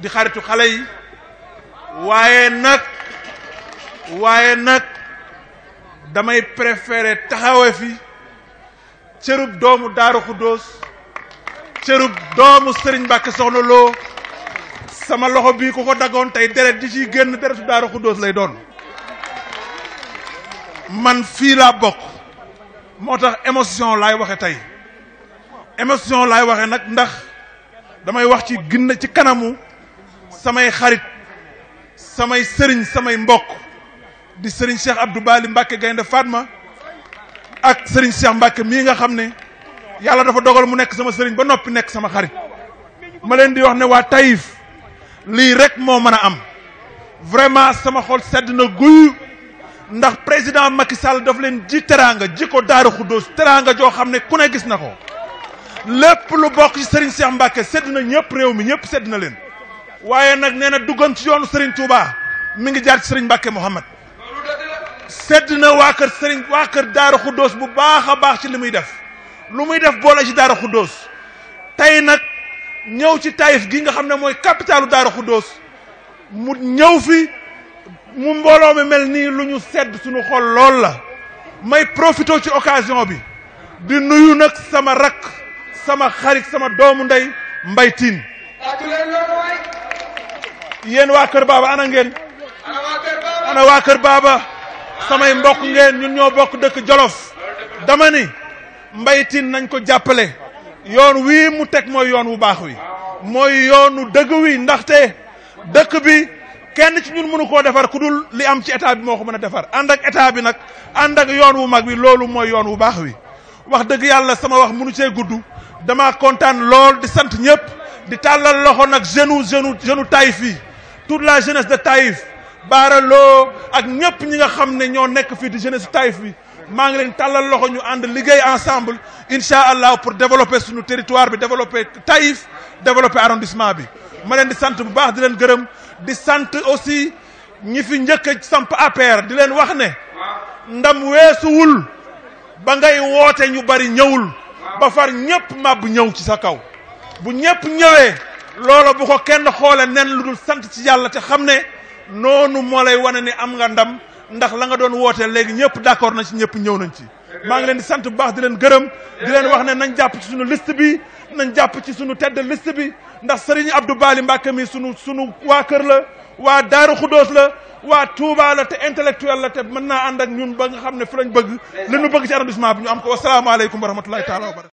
di xaritu xale yi wayé nak wayé nak damay préférer taxawe fi cërub doomu daru Xuddoos cërub doomu serigne Mbàkke Soxna Lo sama loxo bi kuko dagon tay deret di ci génn deretu daru Xuddoos lay doon man fi la bok motax émotion lay waxe tay émotion lay waxe nak ndax damay wax ci ginn ci kanamu samay xarit samay sëriñ samay mbokk di sëriñ Cheikh Abdou Bali Mbacke Gaynde ma ak sëriñ Cheikh Mbacke mii nga xam ne yàlla dafa dogal mu nekk sama sëriñ ba noppi nekk sama xarit ma leen di wax ne waa Taïf lii rek moo mën a am vraiment sama xol sedd na guy ndax président Macky Sall daf leen ji teraanga ji ko Daaru Xuddoos teraanga joo xam ne ku ne gis na ko lépp lu bokk ci sëriñ Cheikh Mbacke sedd na ñëpp réew mi ñëpp sedd na leen. waaye nag nee na duggam ci yoonu Serigne Touba mi ngi jaar ci Serigne Mbacke Mouhamad sedd na waa kër Serigne waa kër Daara Khoudoos bu baax a baax ci li muy def lu muy def boole ci Daara Khoudoos tey nag ñëw ci Taïf gi nga xam ne mooy capitalu Daara Khoudoos mu ñëw fi mu mbooloo mi mel nii lu ñu sedd suñu xol lool la may profité ci occasion bi di nuyu nag sama rakk sama xarit sama doomu ndey Mbaye Tine yéen waa kër baaba ana ngeen ana waa kër baaba samay mbokk ngeen ñun ñoo bokk dëkk Jolof dama ni mbaytin nañ ko jàppale yoon wii mu teg mooy yoon wu baax wi mooy yoonu dëgg wi ndaxte dëkk bi kenn ci ñun mënu koo defar ku dul li am ci état bi moo ko mën a defar ànd ak état bi nag ànd ak yoon wu mag wi loolu mooy yoon wu baax wi wax dëgg yàlla sama wax mënu cee guddu dama kontaan lool di sant ñëpp di tàllal loxo nag jeune jeune jeune Taïf yi toute la jeunesse de Taïf baaraloo ak ñëpp ñi nga xam ne ñoo nekk fii di jeunesse Taïf bi maa ngi leen tàllal ñu ànd liggéey ensemble incha allah pour développer suñu territoire bi développer Taïf développer arrondissement bi ma leen di sant bu baax di leen gërëm di sant aussi ñi fi njëkk a samp APR di leen wax ne ndam weesuwul ba ngay woote ñu bari ñëwul ba far ñëpp màbb ñëw ci sa kaw bu ñëpp ñëwee loola bu ko kenn xoole nen lu dul sant ci yàlla te xam ne noonu moo lay wane ni am nga ndam ndax la nga doon wootee léegi ñëpp d'accord nañ ci ñëpp ñëw nañ ci maa ngi leen di sant bu baax di leen gërëm di leen wax ne nañ jàpp ci suñu liste bi nañ jàpp ci suñu tedd liste bi ndax Serigne Abdou Bali Mbacke mi suñu sunu waa kër la waa Daaru Xudóos la waa Touba la te intellectuel la te mën naa ànd ak ñun ba nga xam ne fi lañ bëgg li ñu bëgg ci arrondissement bi ñu am ko